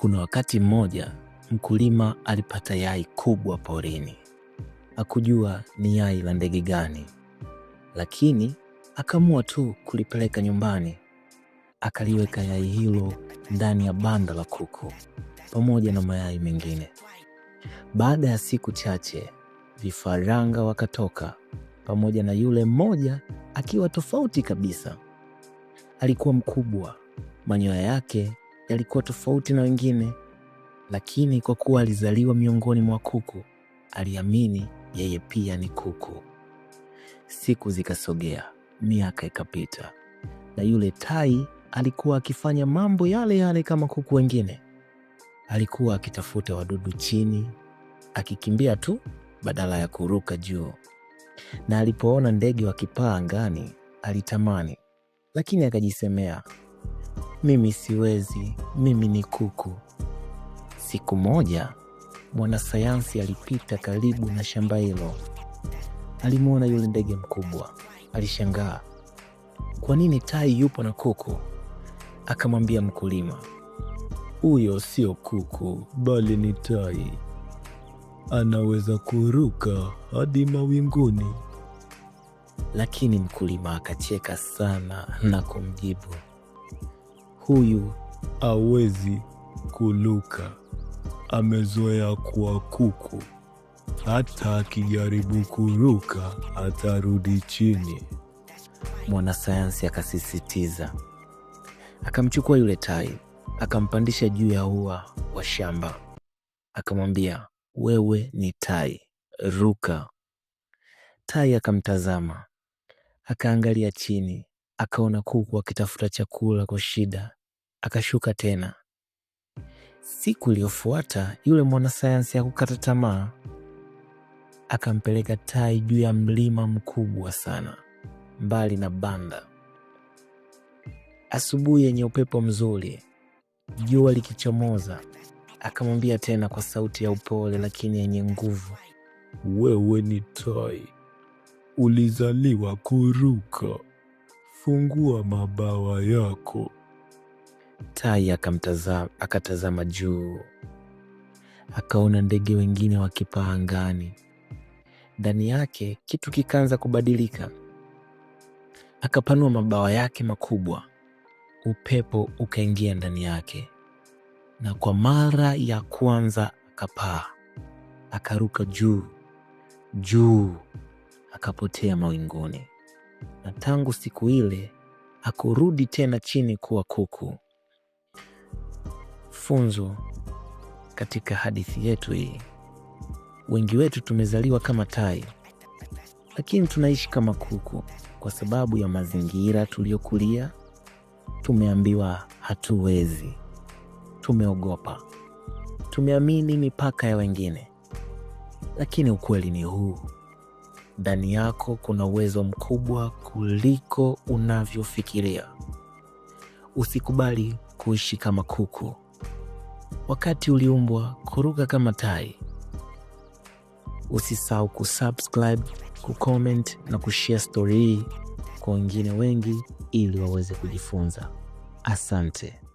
Kuna wakati mmoja mkulima alipata yai kubwa porini. Hakujua ni yai la ndege gani, lakini akaamua tu kulipeleka nyumbani. Akaliweka yai hilo ndani ya banda la kuku pamoja na mayai mengine. Baada ya siku chache, vifaranga wakatoka, pamoja na yule mmoja akiwa tofauti kabisa. Alikuwa mkubwa, manyoya yake yalikuwa tofauti na wengine, lakini kwa kuwa alizaliwa miongoni mwa kuku, aliamini yeye pia ni kuku. Siku zikasogea, miaka ikapita, na yule tai alikuwa akifanya mambo yale yale kama kuku wengine. Alikuwa akitafuta wadudu chini, akikimbia tu badala ya kuruka juu, na alipoona ndege wakipaa angani alitamani, lakini akajisemea mimi siwezi, mimi ni kuku. Siku moja mwanasayansi alipita karibu na shamba hilo, alimwona yule ndege mkubwa. Alishangaa, kwa nini tai yupo na kuku? Akamwambia mkulima, huyo sio kuku bali ni tai, anaweza kuruka hadi mawinguni. Lakini mkulima akacheka sana na kumjibu huyu awezi kuluka, amezoea kuwa kuku. Hata akijaribu kuruka atarudi chini. Mwanasayansi akasisitiza, akamchukua yule tai akampandisha juu ya ua wa shamba, akamwambia, wewe ni tai, ruka. Tai akamtazama, akaangalia chini, akaona kuku akitafuta chakula kwa shida akashuka tena. Siku iliyofuata yule mwanasayansi hakukata tamaa, akampeleka Tai juu ya mlima mkubwa sana, mbali na banda. Asubuhi yenye upepo mzuri, jua likichomoza, akamwambia tena kwa sauti ya upole lakini yenye nguvu, wewe ni tai, ulizaliwa kuruka, fungua mabawa yako. Tai akatazama juu, akaona ndege wengine wakipaa angani. Ndani yake kitu kikaanza kubadilika. Akapanua mabawa yake makubwa, upepo ukaingia ndani yake, na kwa mara ya kwanza akapaa, akaruka juu juu, akapotea mawinguni. Na tangu siku ile hakurudi tena chini kuwa kuku mafunzo katika hadithi yetu hii. Wengi wetu tumezaliwa kama tai, lakini tunaishi kama kuku kwa sababu ya mazingira tuliyokulia. Tumeambiwa hatuwezi, tumeogopa, tumeamini mipaka ya wengine. Lakini ukweli ni huu: ndani yako kuna uwezo mkubwa kuliko unavyofikiria. Usikubali kuishi kama kuku wakati uliumbwa kuruka kama tai. Usisahau kusubscribe, kucomment na kushare stori hii kwa wengine wengi ili waweze kujifunza. Asante.